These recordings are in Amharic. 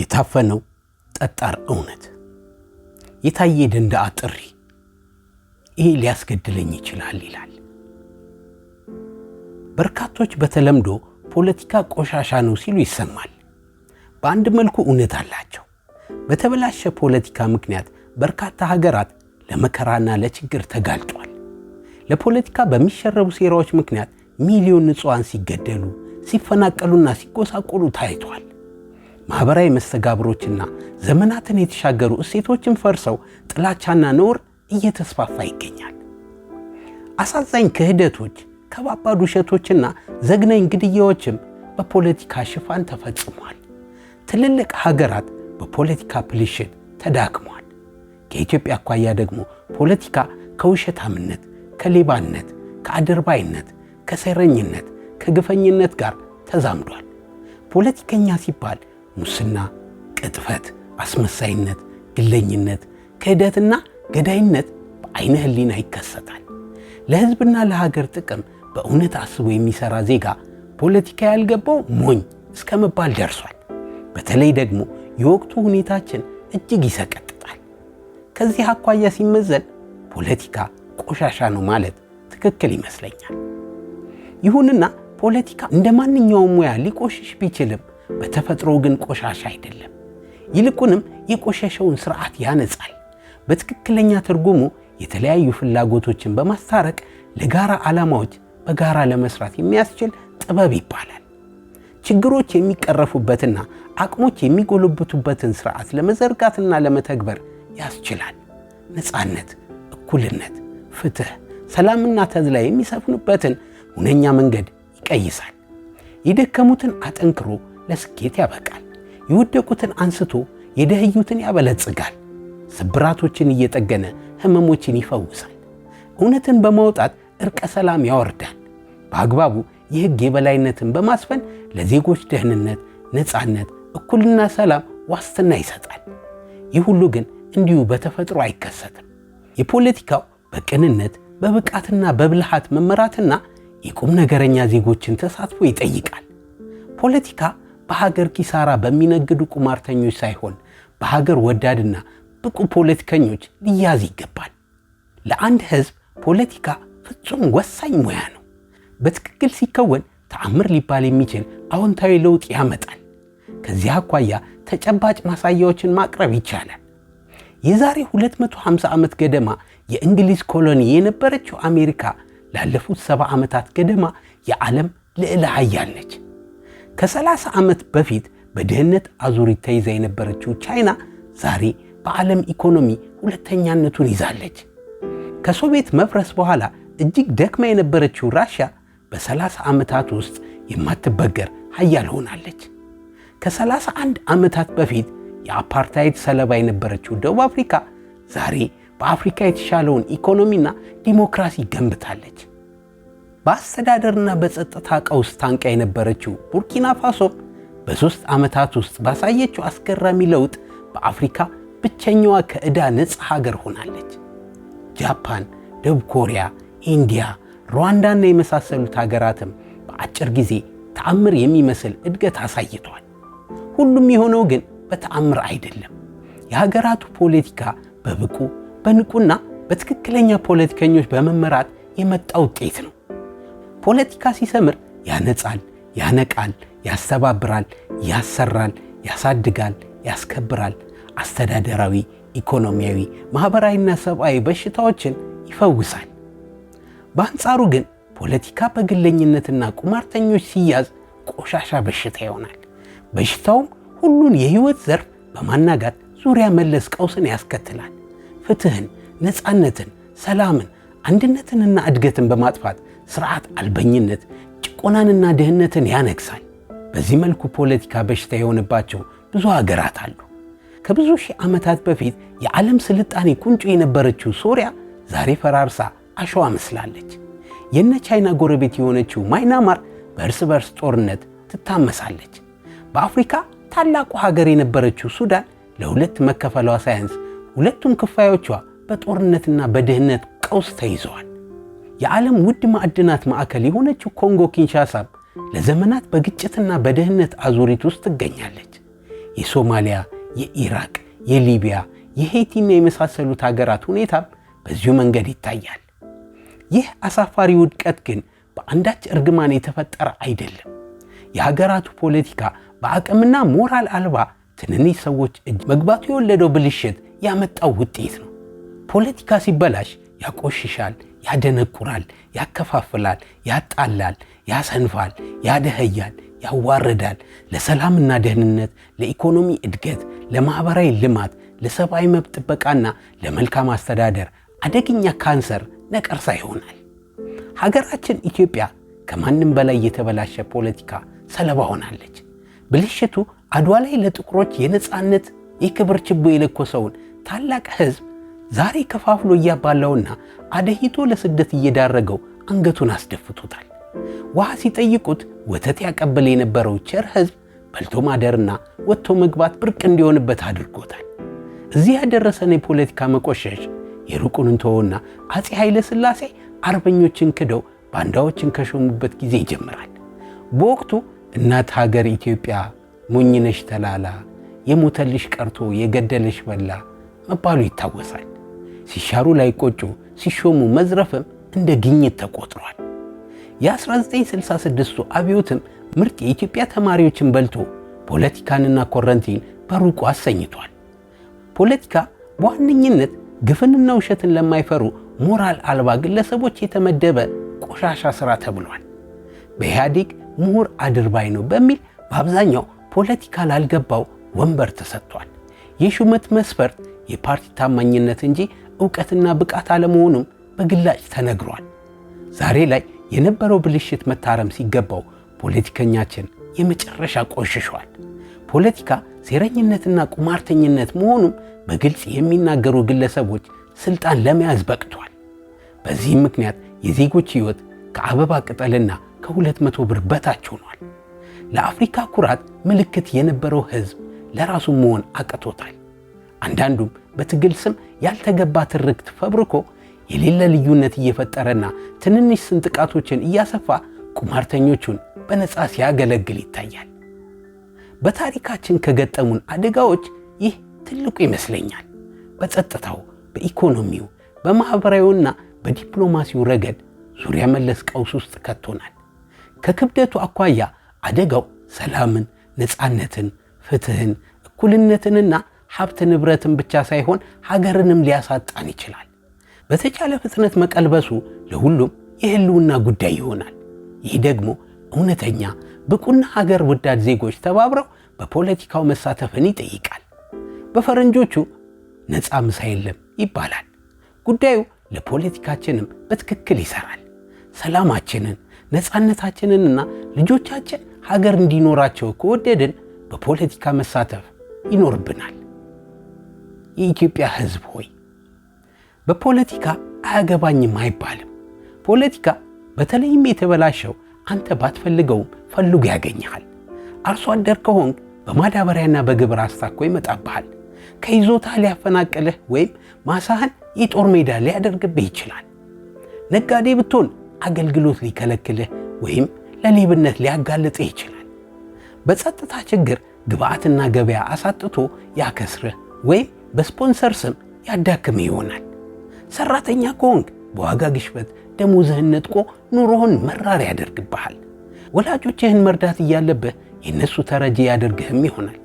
የታፈነው ጠጣር እውነት፣ የታየ ደንዳአ ጥሪ ይሄ ሊያስገድለኝ ይችላል ይላል። በርካቶች በተለምዶ ፖለቲካ ቆሻሻ ነው ሲሉ ይሰማል። በአንድ መልኩ እውነት አላቸው። በተበላሸ ፖለቲካ ምክንያት በርካታ ሀገራት ለመከራና ለችግር ተጋልጧል። ለፖለቲካ በሚሸረቡ ሴራዎች ምክንያት ሚሊዮን ንጹሐን ሲገደሉ፣ ሲፈናቀሉና ሲጎሳቆሉ ታይቷል። ማኅበራዊ መስተጋብሮችና ዘመናትን የተሻገሩ እሴቶችን ፈርሰው ጥላቻና ነውር እየተስፋፋ ይገኛል። አሳዛኝ ክህደቶች፣ ከባባድ ውሸቶችና ዘግናኝ ግድያዎችም በፖለቲካ ሽፋን ተፈጽሟል። ትልልቅ ሀገራት በፖለቲካ ፕልሽት ተዳክሟል። ከኢትዮጵያ አኳያ ደግሞ ፖለቲካ ከውሸታምነት፣ ከሌባነት፣ ከአድርባይነት፣ ከሰረኝነት ከግፈኝነት ጋር ተዛምዷል። ፖለቲከኛ ሲባል ሙስና፣ ቅጥፈት፣ አስመሳይነት፣ ግለኝነት፣ ክህደትና ገዳይነት በአይነ ህሊና ይከሰታል። ለህዝብና ለሀገር ጥቅም በእውነት አስቦ የሚሰራ ዜጋ ፖለቲካ ያልገባው ሞኝ እስከ መባል ደርሷል። በተለይ ደግሞ የወቅቱ ሁኔታችን እጅግ ይሰቀጥጣል። ከዚህ አኳያ ሲመዘን ፖለቲካ ቆሻሻ ነው ማለት ትክክል ይመስለኛል። ይሁንና ፖለቲካ እንደ ማንኛውም ሙያ ሊቆሽሽ ቢችልም በተፈጥሮ ግን ቆሻሻ አይደለም። ይልቁንም የቆሸሸውን ስርዓት ያነጻል። በትክክለኛ ትርጉሙ የተለያዩ ፍላጎቶችን በማስታረቅ ለጋራ ዓላማዎች በጋራ ለመስራት የሚያስችል ጥበብ ይባላል። ችግሮች የሚቀረፉበትና አቅሞች የሚጎለብቱበትን ስርዓት ለመዘርጋትና ለመተግበር ያስችላል። ነፃነት፣ እኩልነት፣ ፍትህ፣ ሰላምና ተድላ የሚሰፍኑበትን ሁነኛ መንገድ ይቀይሳል። የደከሙትን አጠንክሮ ለስኬት ያበቃል። የወደቁትን አንስቶ የደህዩትን ያበለጽጋል። ስብራቶችን እየጠገነ ህመሞችን ይፈውሳል። እውነትን በማውጣት እርቀ ሰላም ያወርዳል። በአግባቡ የሕግ የበላይነትን በማስፈን ለዜጎች ደህንነት፣ ነፃነት፣ እኩልና ሰላም ዋስትና ይሰጣል። ይህ ሁሉ ግን እንዲሁ በተፈጥሮ አይከሰትም። የፖለቲካው በቅንነት በብቃትና በብልሃት መመራትና የቁም ነገረኛ ዜጎችን ተሳትፎ ይጠይቃል። ፖለቲካ በሀገር ኪሳራ በሚነግዱ ቁማርተኞች ሳይሆን በሀገር ወዳድና ብቁ ፖለቲከኞች ሊያዝ ይገባል። ለአንድ ህዝብ ፖለቲካ ፍጹም ወሳኝ ሙያ ነው። በትክክል ሲከወን ተአምር ሊባል የሚችል አዎንታዊ ለውጥ ያመጣል። ከዚህ አኳያ ተጨባጭ ማሳያዎችን ማቅረብ ይቻላል። የዛሬ 250 ዓመት ገደማ የእንግሊዝ ኮሎኒ የነበረችው አሜሪካ ላለፉት ሰባ ዓመታት ገደማ የዓለም ልዕለ ኃያል ነች። ከ30 ዓመት በፊት በድህነት አዙሪት ተይዛ የነበረችው ቻይና ዛሬ በዓለም ኢኮኖሚ ሁለተኛነቱን ይዛለች። ከሶቪየት መፍረስ በኋላ እጅግ ደክማ የነበረችው ራሽያ በ30 ዓመታት ውስጥ የማትበገር ሀያል ሆናለች። ከ31 ዓመታት በፊት የአፓርታይድ ሰለባ የነበረችው ደቡብ አፍሪካ ዛሬ በአፍሪካ የተሻለውን ኢኮኖሚና ዲሞክራሲ ገንብታለች። በአስተዳደርና በጸጥታ ቀውስ ታንቃ የነበረችው ቡርኪና ፋሶ በሦስት ዓመታት ውስጥ ባሳየችው አስገራሚ ለውጥ በአፍሪካ ብቸኛዋ ከዕዳ ነፃ ሀገር ሆናለች። ጃፓን፣ ደቡብ ኮሪያ፣ ኢንዲያ፣ ሩዋንዳና የመሳሰሉት ሀገራትም በአጭር ጊዜ ተአምር የሚመስል እድገት አሳይቷል። ሁሉም የሆነው ግን በተአምር አይደለም። የሀገራቱ ፖለቲካ በብቁ በንቁና በትክክለኛ ፖለቲከኞች በመመራት የመጣ ውጤት ነው። ፖለቲካ ሲሰምር ያነጻል፣ ያነቃል፣ ያስተባብራል፣ ያሰራል፣ ያሳድጋል፣ ያስከብራል። አስተዳደራዊ፣ ኢኮኖሚያዊ፣ ማኅበራዊና ሰብአዊ በሽታዎችን ይፈውሳል። በአንጻሩ ግን ፖለቲካ በግለኝነትና ቁማርተኞች ሲያዝ ቆሻሻ በሽታ ይሆናል። በሽታውም ሁሉን የሕይወት ዘርፍ በማናጋት ዙሪያ መለስ ቀውስን ያስከትላል። ፍትህን፣ ነፃነትን፣ ሰላምን፣ አንድነትንና እድገትን በማጥፋት ስርዓት አልበኝነት ጭቆናንና ድህነትን ያነግሳል። በዚህ መልኩ ፖለቲካ በሽታ የሆነባቸው ብዙ ሀገራት አሉ። ከብዙ ሺህ ዓመታት በፊት የዓለም ስልጣኔ ቁንጮ የነበረችው ሶሪያ ዛሬ ፈራርሳ አሸዋ መስላለች። የነ ቻይና ጎረቤት የሆነችው ማይናማር በእርስ በርስ ጦርነት ትታመሳለች። በአፍሪካ ታላቁ ሀገር የነበረችው ሱዳን ለሁለት መከፈሏ ሳያንስ ሁለቱም ክፋዮቿ በጦርነትና በድህነት ቀውስ ተይዘዋል። የዓለም ውድ ማዕድናት ማዕከል የሆነችው ኮንጎ ኪንሻሳ ለዘመናት በግጭትና በድህነት አዙሪት ውስጥ ትገኛለች። የሶማሊያ፣ የኢራቅ፣ የሊቢያ፣ የሄይቲና የመሳሰሉት ሀገራት ሁኔታም በዚሁ መንገድ ይታያል። ይህ አሳፋሪ ውድቀት ግን በአንዳች እርግማን የተፈጠረ አይደለም። የሀገራቱ ፖለቲካ በአቅምና ሞራል አልባ ትንንሽ ሰዎች እጅ መግባቱ የወለደው ብልሽት ያመጣው ውጤት ነው። ፖለቲካ ሲበላሽ ያቆሽሻል ያደነቁራል፣ ያከፋፍላል፣ ያጣላል፣ ያሰንፋል፣ ያደህያል፣ ያዋረዳል። ለሰላምና ደህንነት፣ ለኢኮኖሚ እድገት፣ ለማኅበራዊ ልማት፣ ለሰብአዊ መብት ጥበቃና ለመልካም አስተዳደር አደገኛ ካንሰር ነቀርሳ ይሆናል። ሀገራችን ኢትዮጵያ ከማንም በላይ የተበላሸ ፖለቲካ ሰለባ ሆናለች። ብልሽቱ አድዋ ላይ ለጥቁሮች የነፃነት የክብር ችቦ የለኮሰውን ታላቅ ህዝብ ዛሬ ከፋፍሎ እያባላውና አደሂቶ ለስደት እየዳረገው አንገቱን አስደፍቶታል። ውሃ ሲጠይቁት ወተት ያቀበል የነበረው ቸር ሕዝብ በልቶ ማደርና ወጥቶ መግባት ብርቅ እንዲሆንበት አድርጎታል። እዚህ ያደረሰን የፖለቲካ መቆሸሽ የሩቁን እንተወና አፄ ኃይለ ሥላሴ አርበኞችን ክደው ባንዳዎችን ከሾሙበት ጊዜ ይጀምራል። በወቅቱ እናት ሀገር ኢትዮጵያ ሞኝነሽ ተላላ፣ የሞተልሽ ቀርቶ የገደለሽ በላ መባሉ ይታወሳል። ሲሻሩ ላይቆጩ፣ ሲሾሙ መዝረፍም እንደ ግኝት ተቆጥሯል። የ1966ቱ አብዮትም ምርጥ የኢትዮጵያ ተማሪዎችን በልቶ ፖለቲካንና ኮረንቲን በሩቁ አሰኝቷል። ፖለቲካ በዋነኝነት ግፍንና ውሸትን ለማይፈሩ ሞራል አልባ ግለሰቦች የተመደበ ቆሻሻ ሥራ ተብሏል። በኢህአዴግ ምሁር አድርባይ ነው በሚል በአብዛኛው ፖለቲካ ላልገባው ወንበር ተሰጥቷል። የሹመት መስፈርት የፓርቲ ታማኝነት እንጂ እውቀትና ብቃት አለመሆኑም በግላጭ ተነግሯል። ዛሬ ላይ የነበረው ብልሽት መታረም ሲገባው ፖለቲከኛችን የመጨረሻ ቆሽሿል። ፖለቲካ ሴረኝነትና ቁማርተኝነት መሆኑም በግልጽ የሚናገሩ ግለሰቦች ስልጣን ለመያዝ በቅቷል። በዚህም ምክንያት የዜጎች ሕይወት ከአበባ ቅጠልና ከሁለት መቶ ብር በታች ሆኗል። ለአፍሪካ ኩራት ምልክት የነበረው ሕዝብ ለራሱ መሆን አቅቶታል። አንዳንዱም በትግል ስም ያልተገባ ትርክት ፈብርኮ የሌለ ልዩነት እየፈጠረና ትንንሽ ስንጥቃቶችን እያሰፋ ቁማርተኞቹን በነፃ ሲያገለግል ይታያል። በታሪካችን ከገጠሙን አደጋዎች ይህ ትልቁ ይመስለኛል። በጸጥታው፣ በኢኮኖሚው፣ በማኅበራዊውና በዲፕሎማሲው ረገድ ዙሪያ መለስ ቀውስ ውስጥ ከቶናል። ከክብደቱ አኳያ አደጋው ሰላምን፣ ነፃነትን፣ ፍትህን፣ እኩልነትንና ሀብት ንብረትን ብቻ ሳይሆን ሀገርንም ሊያሳጣን ይችላል። በተቻለ ፍጥነት መቀልበሱ ለሁሉም የህልውና ጉዳይ ይሆናል። ይህ ደግሞ እውነተኛ ብቁና ሀገር ወዳድ ዜጎች ተባብረው በፖለቲካው መሳተፍን ይጠይቃል። በፈረንጆቹ ነፃ ምሳ የለም ይባላል። ጉዳዩ ለፖለቲካችንም በትክክል ይሰራል። ሰላማችንን፣ ነፃነታችንንና ልጆቻችን ሀገር እንዲኖራቸው ከወደድን በፖለቲካ መሳተፍ ይኖርብናል። የኢትዮጵያ ህዝብ ሆይ በፖለቲካ አያገባኝም አይባልም። ፖለቲካ በተለይም የተበላሸው አንተ ባትፈልገውም ፈልጎ ያገኝሃል። አርሶ አደር ከሆንክ በማዳበሪያና በግብር አስታኮ ይመጣብሃል። ከይዞታ ሊያፈናቅልህ ወይም ማሳህን የጦር ሜዳ ሊያደርግብህ ይችላል። ነጋዴ ብትሆን አገልግሎት ሊከለክልህ ወይም ለሌብነት ሊያጋልጥህ ይችላል። በጸጥታ ችግር ግብአትና ገበያ አሳጥቶ ያከስርህ ወይም በስፖንሰር ስም ያዳክም ይሆናል። ሰራተኛ ከሆንክ በዋጋ ግሽበት ደሞዝህን ነጥቆ ኑሮህን መራር ያደርግብሃል። ወላጆችህን መርዳት እያለብህ የእነሱ ተረጂ ያደርግህም ይሆናል።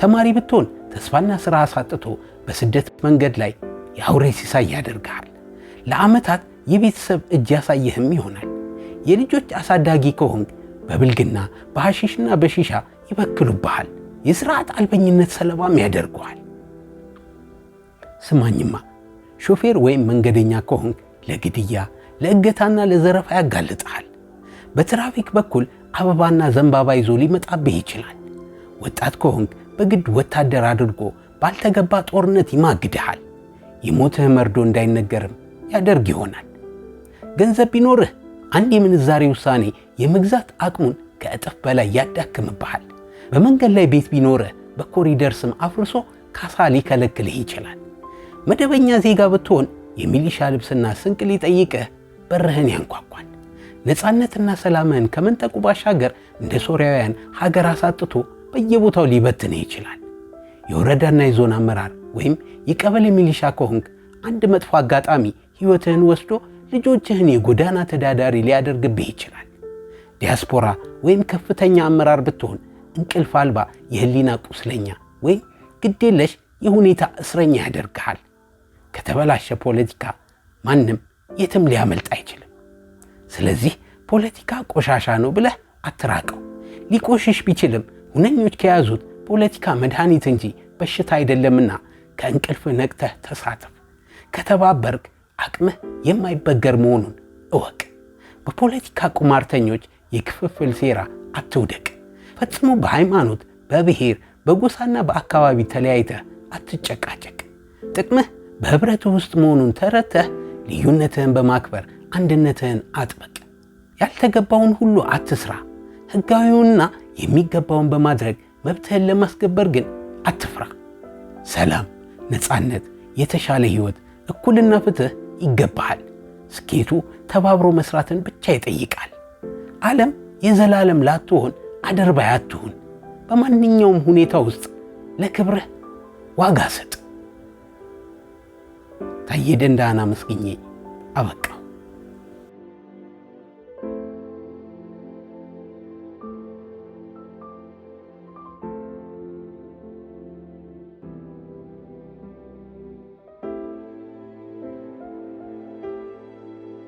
ተማሪ ብትሆን ተስፋና ሥራ አሳጥቶ በስደት መንገድ ላይ የአውሬ ሲሳይ ያደርግሃል። ለዓመታት የቤተሰብ እጅ ያሳየህም ይሆናል። የልጆች አሳዳጊ ከሆንክ በብልግና በሐሺሽና በሺሻ ይበክሉብሃል። የሥርዓት አልበኝነት ሰለባም ያደርገዋል። ስማኝማ ሾፌር ወይም መንገደኛ ከሆንክ ለግድያ ለእገታና ለዘረፋ ያጋልጣል። በትራፊክ በኩል አበባና ዘንባባ ይዞ ሊመጣብህ ይችላል። ወጣት ከሆንክ በግድ ወታደር አድርጎ ባልተገባ ጦርነት ይማግድሃል። የሞትህ መርዶ እንዳይነገርም ያደርግ ይሆናል። ገንዘብ ቢኖርህ አንድ የምንዛሬ ውሳኔ የመግዛት አቅሙን ከእጥፍ በላይ ያዳክምብሃል። በመንገድ ላይ ቤት ቢኖርህ በኮሪደር ስም አፍርሶ ካሳ ሊከለክልህ ይችላል። መደበኛ ዜጋ ብትሆን የሚሊሻ ልብስና ስንቅ ሊጠይቅህ በርህን ያንኳኳል። ነፃነትና ሰላምህን ከመንጠቁ ባሻገር እንደ ሶርያውያን ሀገር አሳጥቶ በየቦታው ሊበትንህ ይችላል። የወረዳና የዞን አመራር ወይም የቀበሌ ሚሊሻ ከሆንክ አንድ መጥፎ አጋጣሚ ሕይወትህን ወስዶ ልጆችህን የጎዳና ተዳዳሪ ሊያደርግብህ ይችላል። ዲያስፖራ ወይም ከፍተኛ አመራር ብትሆን እንቅልፍ አልባ የህሊና ቁስለኛ ወይም ግዴለሽ የሁኔታ እስረኛ ያደርግሃል። ከተበላሸ ፖለቲካ ማንም የትም ሊያመልጥ አይችልም። ስለዚህ ፖለቲካ ቆሻሻ ነው ብለህ አትራቀው። ሊቆሽሽ ቢችልም ሁነኞች ከያዙት ፖለቲካ መድኃኒት እንጂ በሽታ አይደለምና ከእንቅልፍ ነቅተህ ተሳተፍ። ከተባበርክ አቅምህ የማይበገር መሆኑን እወቅ። በፖለቲካ ቁማርተኞች የክፍፍል ሴራ አትውደቅ። ፈጽሞ በሃይማኖት፣ በብሔር፣ በጎሳና በአካባቢ ተለያይተህ አትጨቃጨቅ። ጥቅምህ በህብረት ውስጥ መሆኑን ተረተህ ልዩነትህን በማክበር አንድነትህን አጥብቅ። ያልተገባውን ሁሉ አትስራ። ህጋዊውንና የሚገባውን በማድረግ መብትህን ለማስገበር ግን አትፍራ። ሰላም፣ ነፃነት፣ የተሻለ ህይወት፣ እኩልና ፍትህ ይገባሃል። ስኬቱ ተባብሮ መስራትን ብቻ ይጠይቃል። ዓለም የዘላለም ላትሆን አድርባይ አትሁን። በማንኛውም ሁኔታ ውስጥ ለክብርህ ዋጋ ስጥ። በቃ የደንዳና መስግኜ አበቃ።